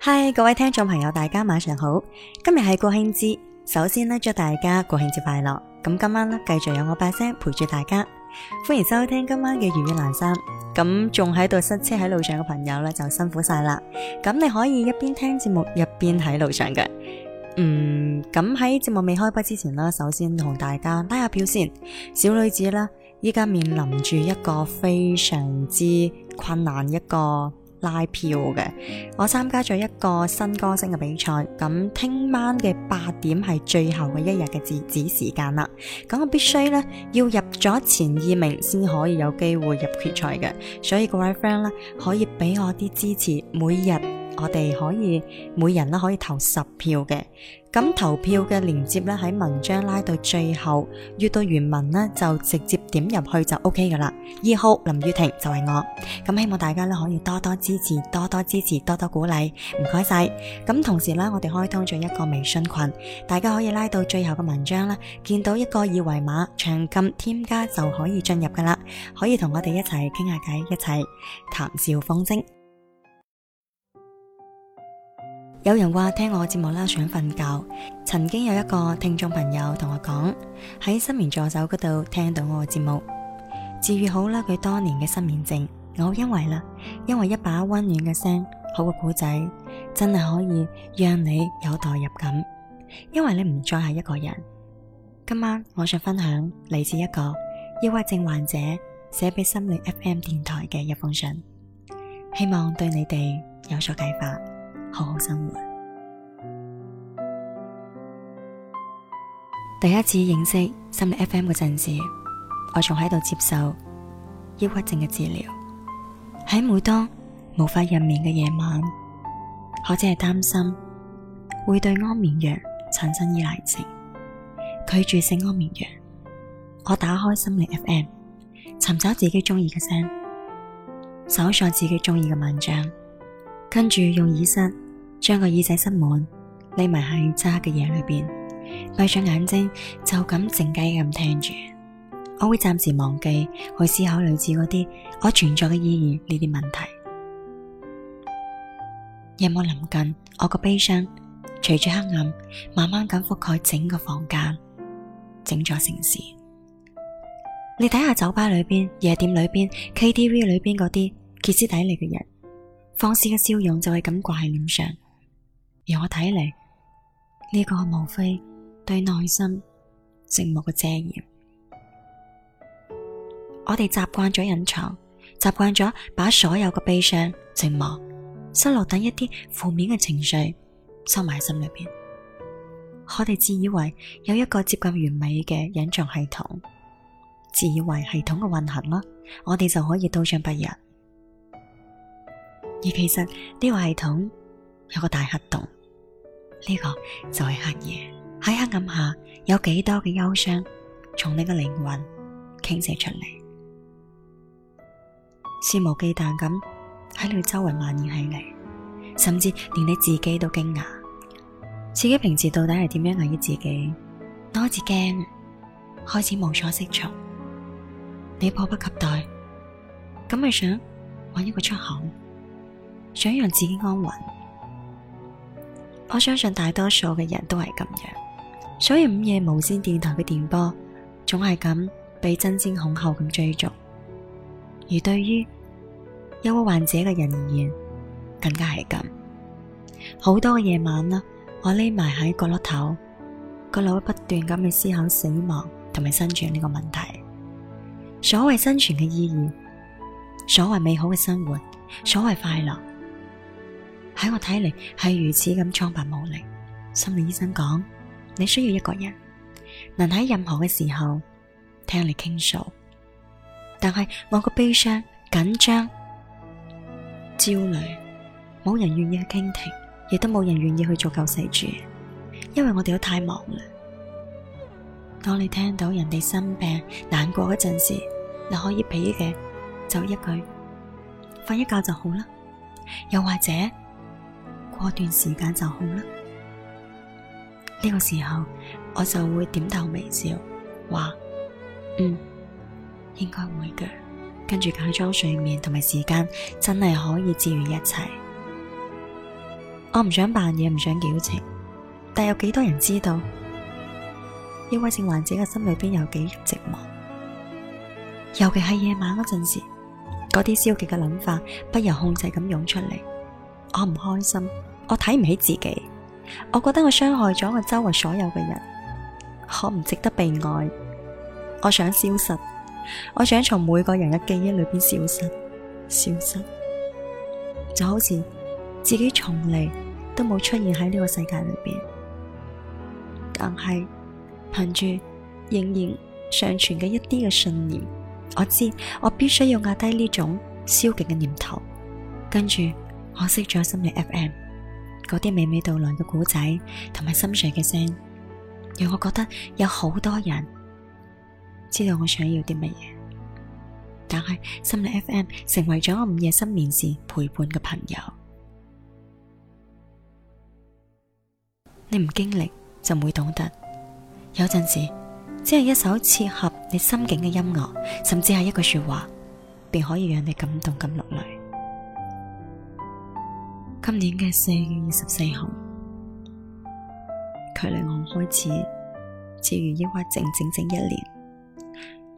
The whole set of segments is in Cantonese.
嗨，Hi, 各位聽眾朋友，大家晚上好。今日係國慶節，首先咧祝大家國慶節快樂。咁今晚咧繼續有我把聲陪住大家，歡迎收聽今晚嘅月月南山。咁仲喺度塞車喺路上嘅朋友呢，就辛苦晒啦。咁你可以一邊聽節目一邊喺路上嘅。嗯，咁喺節目未開播之前咧，首先同大家拉下票先。小女子啦，依家面臨住一個非常之困難一個。拉票嘅，我參加咗一個新歌星嘅比賽，咁聽晚嘅八點係最後嘅一日嘅截止時間啦，咁我必須咧要入咗前二名先可以有機會入決賽嘅，所以各位 friend 咧可以俾我啲支持，每日。我哋可以每人咧可以投十票嘅，咁投票嘅鏈接咧喺文章拉到最後，閱讀原文呢，就直接點入去就 OK 噶啦。二號林宇婷就係我，咁希望大家呢可以多多支持，多多支持，多多鼓勵，唔該晒。咁同時呢，我哋開通咗一個微信群，大家可以拉到最後嘅文章啦，見到一個二維碼長撳添加就可以進入噶啦，可以同我哋一齊傾下偈，一齊談笑風生。有人話聽我節目啦，想瞓覺。曾經有一個聽眾朋友同我講，喺失眠助手嗰度聽到我嘅節目，治愈好啦佢多年嘅失眠症。我因為啦，因為一把溫暖嘅聲，好嘅故仔，真係可以讓你有代入感。因為你唔再係一個人。今晚我想分享嚟自一個抑鬱症患者寫俾心理 FM 電台嘅一封信，希望對你哋有所啟發。好好生活。第一次認識心理 FM 嗰陣時，我仲喺度接受抑鬱症嘅治療，喺每當無法入眠嘅夜晚，我只係擔心會對安眠藥產生依賴性，拒絕食安眠藥，我打開心理 FM，尋找自己中意嘅聲，搜索自己中意嘅文章。跟住用耳塞將個耳仔塞滿，匿埋喺揸嘅嘢裏邊，閉上眼睛就咁靜雞咁聽住。我會暫時忘記去思考類似嗰啲我存在嘅意義呢啲問題。夜幕臨近，我個悲傷隨住黑暗慢慢咁覆蓋整個房間、整座城市。你睇下酒吧裏邊、夜店裏邊、KTV 裏邊嗰啲歇斯底里嘅人。放肆嘅笑容就係咁掛喺臉上，而我睇嚟，呢個無非對內心寂寞嘅遮掩。我哋習慣咗隱藏，習慣咗把所有嘅悲傷、寂寞、失落等一啲負面嘅情緒收埋喺心裏邊。我哋自以為有一個接近完美嘅隱藏系統，自以為系統嘅運行啦，我哋就可以刀槍不入。而其實呢個系統有個大黑洞，呢個就係黑夜。喺黑暗下，有幾多嘅憂傷從你嘅靈魂傾瀉出嚟，肆無忌憚咁喺你周圍蔓延起嚟，甚至連你自己都驚訝，自己平時到底係點樣壓抑自己？多次驚，開始無所適從，你迫不及待，咁係想揾一個出口。想讓自己安穩，我相信大多數嘅人都係咁樣，所以午夜無線電台嘅電波總係咁被爭先恐後咁追逐。而對於憂鬱患者嘅人而言，更加係咁。好多嘅夜晚啦，我匿埋喺角落頭，個腦不斷咁去思考死亡同埋生存呢個問題。所謂生存嘅意義，所謂美好嘅生活，所謂快樂。喺我睇嚟係如此咁蒼白無力。心理醫生講，你需要一個人能喺任何嘅時候聽你傾訴。但係我個悲傷、緊張、焦慮，冇人願意去傾聽，亦都冇人願意去做救世主，因為我哋都太忙啦。當你聽到人哋生病、難過嗰陣時，你可以俾嘅就一句：瞓一覺就好啦。又或者，過段時間就好啦。呢個時候，我就會點頭微笑，話：嗯，應該會嘅。跟住假裝睡眠同埋時間，真係可以治愈一切。我唔想扮嘢，唔想矯情，但有幾多人知道抑鬱症患者嘅心裏邊有幾寂寞？尤其係夜晚嗰陣時，嗰啲消極嘅諗法不由控制咁湧出嚟。我唔開心，我睇唔起自己，我覺得我傷害咗我周圍所有嘅人，我唔值得被愛，我想消失，我想從每個人嘅記憶裏邊消失，消失就好似自己從嚟都冇出現喺呢個世界裏邊。但係憑住仍然尚存嘅一啲嘅信念，我知我必須要壓低呢種消極嘅念頭，跟住。我認識咗心理 FM 嗰啲娓娓道來嘅故仔同埋心水嘅聲，讓我覺得有好多人知道我想要啲乜嘢。但係心理 FM 成為咗我午夜失眠時陪伴嘅朋友。你唔經歷就唔會懂得。有陣時，只係一首切合你心境嘅音樂，甚至係一句說話，便可以讓你感動咁落淚。今年嘅四月二十四號，距離我開始遭遇抑鬱症整，整整一年。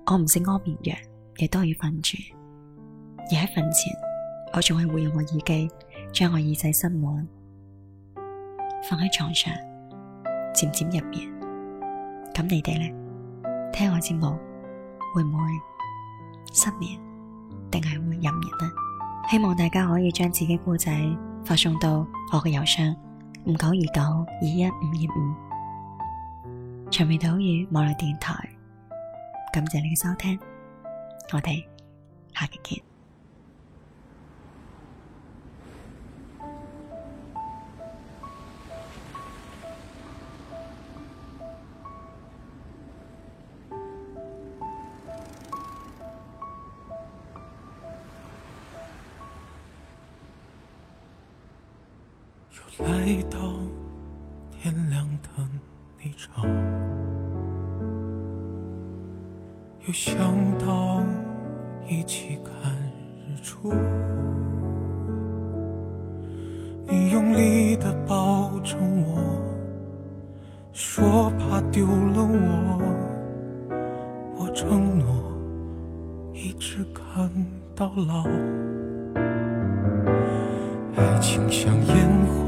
我唔食安眠藥，亦都要瞓住，而喺瞓前我仲係會用我耳機將我耳仔塞滿，放喺床上漸漸入眠。咁你哋呢？聽我節目會唔會失眠，定係會入眠呢？希望大家可以將自己故仔。發送到我嘅郵箱五九二九二一五二五，長尾島語網絡電台，感謝你嘅收聽，我哋下期見。來到天亮的那場，又想到一起看日出。你用力的抱着我，說怕丟了我。我承諾一直看到老，愛情像煙。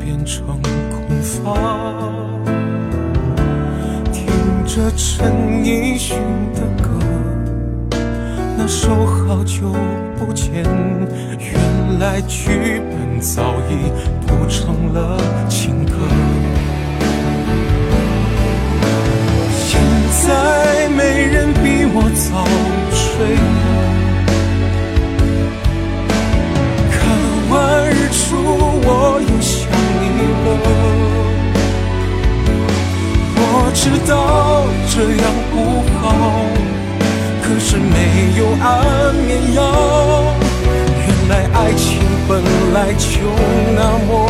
變成空房，聽着陳奕迅的歌，那首好久不見，原來劇本早已譜成了情歌，現在沒人。這樣不好，可是沒有安眠藥，原來愛情本來就那麼。